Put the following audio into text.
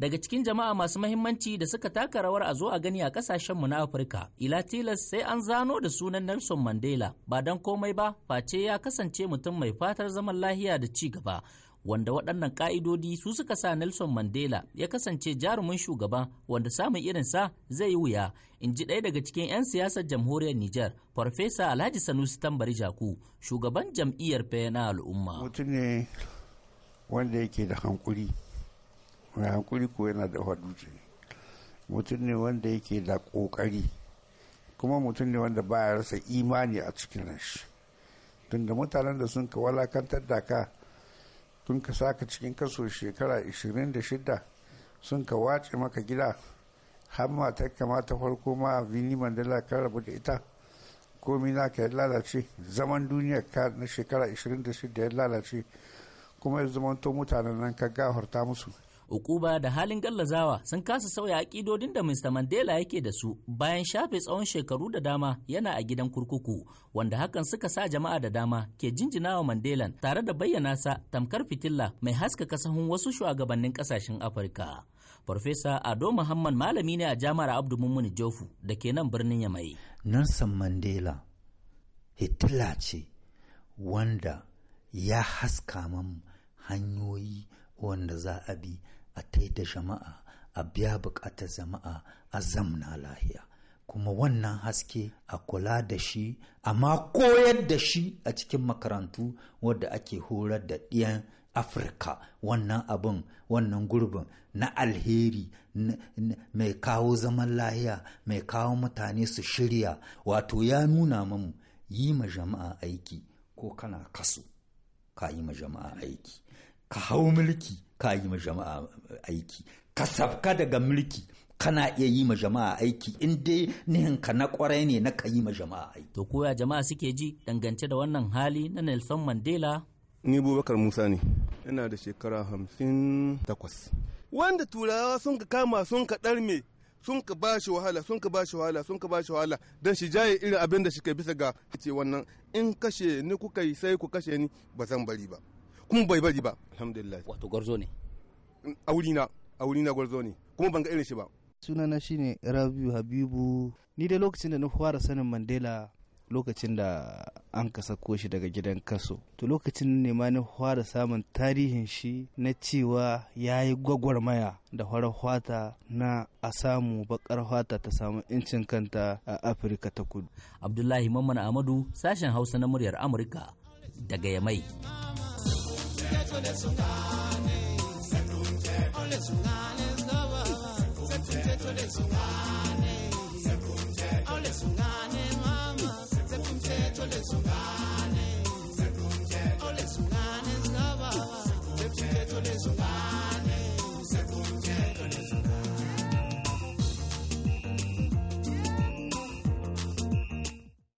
daga cikin jama'a masu mahimmanci da suka taka rawar a zo a gani a kasashenmu na afirka ila tilas sai an zano da sunan nelson mandela ba don komai ba face ya kasance mutum mai fatar zaman lahiya da ci gaba wanda waɗannan ƙa'idodi su suka sa nelson mandela ya kasance jarumin shugaba wanda samun irin sa zai yi wuya in ji ɗaya daga cikin 'yan siyasar jamhuriyar niger farfesa alhaji sanusi tambari jaku shugaban jam'iyyar pna al'umma mutum ne wanda yake da hankuri mai hankuri ko yana da dutse mutum ne wanda yake da kokari kuma mutum ne wanda ba ya rasa imani a cikin shi tunda mutanen da sun ka walakantar ka tun ka saka cikin kaso shekara 26 sun ka wace maka gida har mata kamata farko ma vini mandela ka rabu da ita komi na ka lalace zaman duniya ka na shekara 26 ya lalace kuma ya zama to mutanen nan ka gafarta musu ukuba da halin gallazawa sun kasa sauya akidodin da Mr. Mandela yake da su bayan shafe tsawon shekaru da dama yana a gidan kurkuku wanda hakan suka sa jama'a da dama ke jinjina wa Mandela tare da bayyana sa tamkar fitilla mai haska kasahun wasu shugabannin kasashen Afirka. Farfesa Ado Muhammad malami ne a Jama'ar Abdu Mummuni Jofu da ke nan birnin Yamai. Nelson Mandela hitila ce wanda ya haska hanyoyi wanda za a bi a taida jama'a a biya bukatar jama'a a zamna lahiya kuma wannan haske a kula da shi amma koyar da shi a cikin makarantu wadda ake horar da ɗiyan afirka wannan abin wannan gurbin na alheri mai kawo zaman lahiya mai kawo mutane su shirya wato ya nuna mamu yi ma jama'a aiki ko kana kaso ka yi ma jama'a aiki ka hau mulki ka yi ma jama'a aiki ka safka daga mulki kana iya yi ma jama'a aiki in dai nihinka na kwarai ne na ka yi ma jama'a aiki. To koya jama'a suke ji dangance da wannan hali na Nelson Mandela? Ni Bubakar Musa ne, ina da shekara hamsin takwas. Wanda turawa sun ka kama sun ka ɗarme sun ka ba shi wahala sun ka ba shi wahala sun ka ba shi wahala don shi jaye irin abin da shi ka bisa ga ce wannan in kashe ni kuka yi sai ku kashe ni ba zan bari ba. kuma bai bari ba alhamdulillah wato gwarzo ne mm, aurina aurina gwarzo ne kuma ban ga irin shi ba sunana shine rabiu habibu ni da lokacin da na fara sanin mandela lokacin da an ka sako shi daga gidan kaso to lokacin ne ma na fara samun tarihin shi na cewa ya yi gwagwarmaya da farar fata na a samu bakar fata ta samu incin kanta a afirka ta kudu abdullahi mamman amadu sashen hausa na muryar amurka daga yamai ole se sekunje ole sungane se